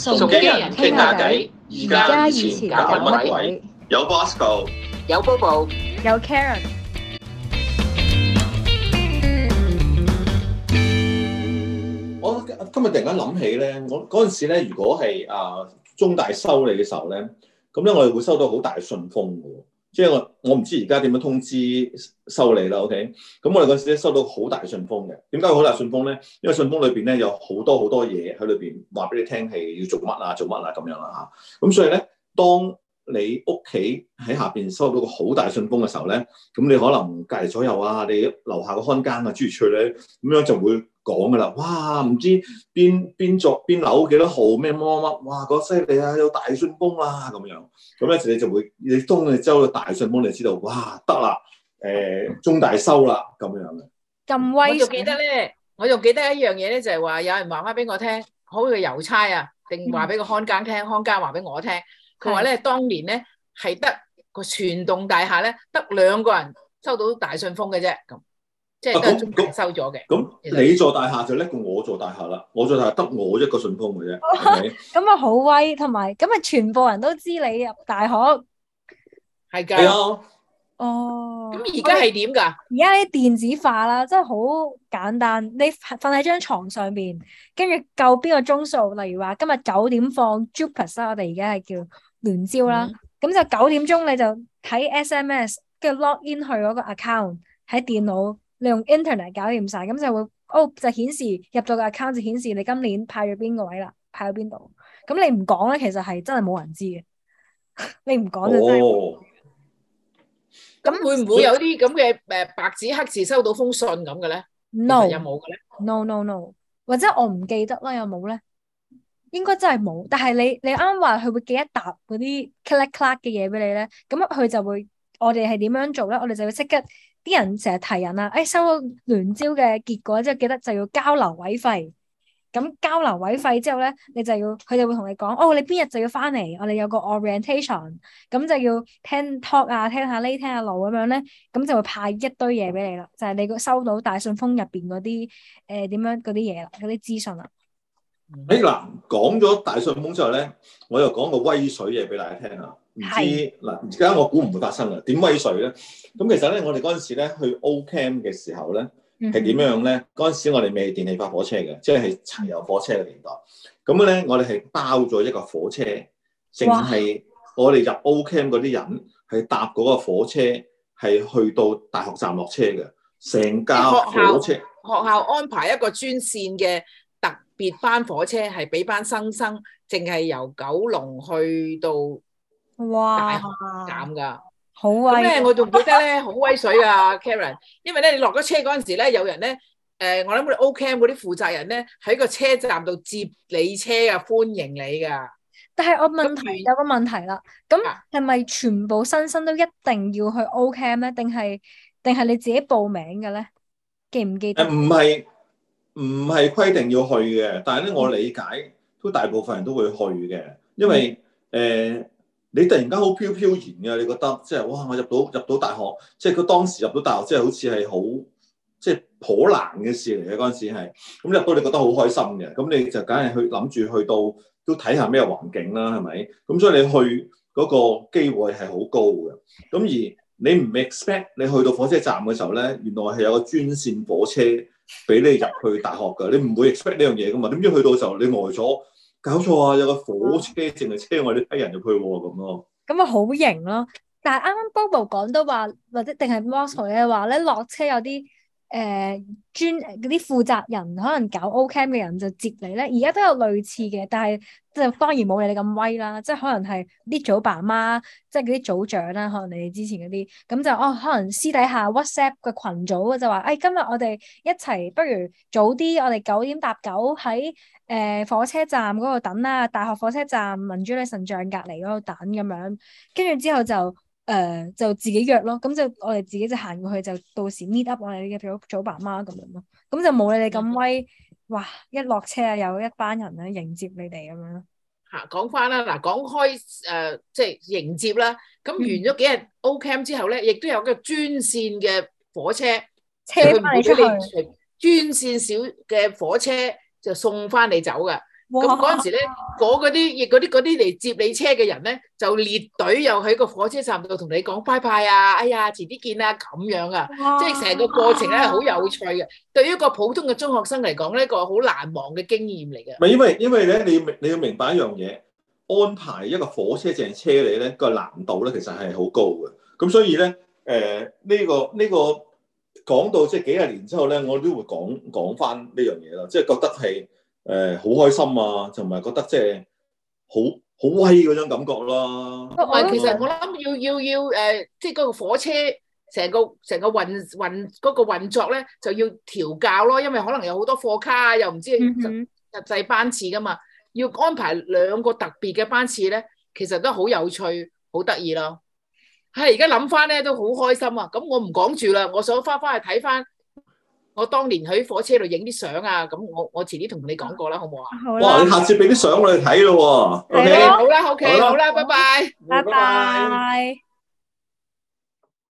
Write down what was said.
崇基人傾下偈，而家以前有乜鬼？有 Bosco，有 Bobo，有 Karen。我今日突然間諗起咧，我嗰陣時咧，如果係啊中大收你嘅時候咧，咁咧我哋會收到好大嘅信封喎。即係我我唔知而家點樣通知收你啦，OK？咁我哋嗰時咧收到好大信封嘅，點解會好大信封咧？因為信封裏邊咧有好多好多嘢喺裏邊，話俾你聽係要做乜啊，做乜啊咁樣啦吓。咁所以咧，當你屋企喺下邊收到個好大信封嘅時候咧，咁你可能隔籬左右啊，你樓下嘅看更啊，諸如此類，咁樣就會。講噶啦，哇，唔知邊邊座邊樓幾多號咩乜乜，哇，咁犀利啊！有大信封啊，咁樣，咁一時你就會，你當你收到大信封，你知道，哇，得啦，誒、欸，中大收啦，咁樣啊。咁威我記得呢！我仲記得咧，我仲記得一樣嘢咧，就係話有人話翻俾我聽，好嘅郵差啊，定話俾個看更聽，看更話俾我聽，佢話咧當年咧係得個全棟大廈咧得兩個人收到大信封嘅啫，咁。即係個鐘收咗嘅，咁、啊、 你座大廈就叻過我座大廈啦。我座大廈得我一個信封嘅啫，係咪？咁啊好威，同埋咁啊，全部人都知你入大學係噶，哦的。咁而家係點噶？而家啲電子化啦，真係好簡單。你瞓喺張床上邊，跟住夠邊個鐘數，例如話今日九點放 JUPAS 啦，我哋而家係叫聯招啦。咁就九點鐘你就睇 SMS，跟住 log in 去嗰個 account 喺電腦。你用 internet 搞掂曬，咁就會，哦，就顯示入咗個 account，就顯示你今年派咗邊個位啦，派咗邊度。咁你唔講咧，其實係真係冇人知嘅。你唔講就真係冇。咁會唔會有啲咁嘅誒白紙黑字收到封信咁嘅咧？No，有冇嘅咧？No，no，no，或者我唔記得啦，有冇咧？應該真係冇。但係你你啱話佢會寄一沓嗰啲 click-clack 嘅嘢俾你咧，咁佢就會，我哋係點樣做咧？我哋就會即刻。啲人成日提人啦，誒、哎，收到聯招嘅結果之後記得就要交留位費，咁交留位費之後咧，你就要佢哋會同你講，哦，你邊日就要翻嚟，我哋有個 orientation，咁就要聽 talk 啊，聽下呢，聽下路咁樣咧，咁就會派一堆嘢俾你啦，就係、是、你個收到大信封入邊嗰啲誒、點、呃、樣嗰啲嘢啦，嗰啲資訊啦。誒，嗱，講咗大信封之後咧，我又講個威水嘢俾大家聽啊。唔知嗱，而家是我估唔會發生啦。點是威水咧？咁其實咧，我哋嗰陣時咧去 Ocamp 嘅時候咧，係點 樣咧？嗰陣時我哋未電氣化火車嘅，即係柴油火車嘅年代。咁咧，我哋係包咗一個火車，淨係哇我哋入 Ocamp 嗰啲人係搭嗰個火車，係去到大學站落車嘅，成架火車學。學校安排一個專線嘅特別班火車，係俾班新生淨係由九龍去到。哇，減噶，好 威！咁我仲記得咧，好威水啊，Karen。因為咧，你落咗車嗰陣時咧，有人咧，誒、呃，我諗 Ocamp 啲負責人咧，喺個車站度接你車啊，歡迎你噶。但係我問題後有個問題啦，咁係咪全部新生都一定要去 Ocamp 咧？定係定係你自己報名嘅咧？記唔記得？唔係唔係規定要去嘅，但係咧，我理解都大部分人都會去嘅，因為誒。嗯呃你突然間好飄飄然嘅，你覺得即係哇！我入到入到大學，即係佢當時入到大學，即係好似係好即係頗難嘅事嚟嘅嗰陣時係。咁入到你覺得好開心嘅，咁你就梗係去諗住去到都睇下咩環境啦，係咪？咁所以你去嗰個機會係好高嘅。咁而你唔 expect 你去到火車站嘅時候咧，原來係有個專線火車俾你入去大學㗎。你唔會 expect 呢樣嘢㗎嘛？點知去到嘅時候你呆咗。搞錯啊！有個火車淨係車我哋批人入去喎，咁咯。咁、嗯、啊，好型咯！但係啱啱 Bobo 講到話，或者定係 Marshall 嘅話咧，落車有啲。誒，專嗰啲負責人可能搞 Ocamp 嘅人就接你咧，而家都有類似嘅，但係就當然冇你哋咁威啦，即係可能係啲組爸媽，即係嗰啲組長啦，可能你哋之前嗰啲，咁就哦，可能私底下 WhatsApp 個群組就話，誒、哎，今日我哋一齊，不如早啲，我哋九點搭九喺誒火車站嗰度等啦，大學火車站民主女神像隔離嗰度等咁樣，跟住之後就。誒、uh, 就自己約咯，咁就我哋自己就行過去，就到時 meet up 我哋嘅組爸媽咁樣咯，咁就冇你哋咁威，哇！一落車啊，有一班人咧迎接你哋咁樣咯。嚇，講翻啦，嗱，講開誒，即、呃、係、就是、迎接啦，咁完咗幾日 Ocamp 之後咧，亦都有個專線嘅火車，車翻出去，你專線小嘅火車就送翻你走嘅。咁嗰陣時咧，嗰嗰啲亦嗰啲嗰啲嚟接你車嘅人咧，就列隊又喺個火車站度同你講拜拜啊，哎呀，遲啲見啊，咁樣啊，即係成個過程咧，好有趣嘅。對於一個普通嘅中學生嚟講咧，一個好難忘嘅經驗嚟嘅。唔係，因為因為咧，你你要明白一樣嘢，安排一個火車正車你咧個難度咧，其實係好高嘅。咁所以咧，誒呢個呢個講到即係幾廿年之後咧，我都會講講翻呢樣嘢啦，即係覺得係。誒，好、欸、開心啊，就唔係覺得即係好好威嗰種感覺啦、啊。唔係，其實我諗要要要誒，即係嗰個火車成個成個運運、嗰個運作咧，就要調教咯。因為可能有好多貨卡啊，又唔知實際班次噶嘛，要安排兩個特別嘅班次咧，其實都好有趣，好得意咯。係而家諗翻咧都好開心啊。咁我唔講住啦，我想翻翻去睇翻。我當年喺火車度影啲相啊，咁我我遲啲同你講過啦，好唔好啊？好啦，你下次俾啲相我哋睇咯喎。O K，好啦，O K，好啦，拜拜，拜拜。